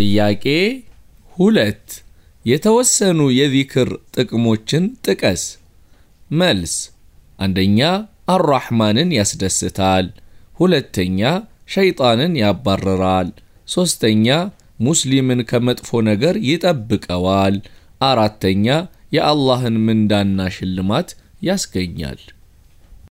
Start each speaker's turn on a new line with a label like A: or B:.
A: ጥያቄ ሁለት የተወሰኑ የዚክር ጥቅሞችን ጥቀስ። መልስ፣ አንደኛ አራሕማንን ያስደስታል። ሁለተኛ ሸይጣንን ያባርራል። ሦስተኛ ሙስሊምን ከመጥፎ ነገር ይጠብቀዋል። አራተኛ የአላህን ምንዳና ሽልማት ያስገኛል።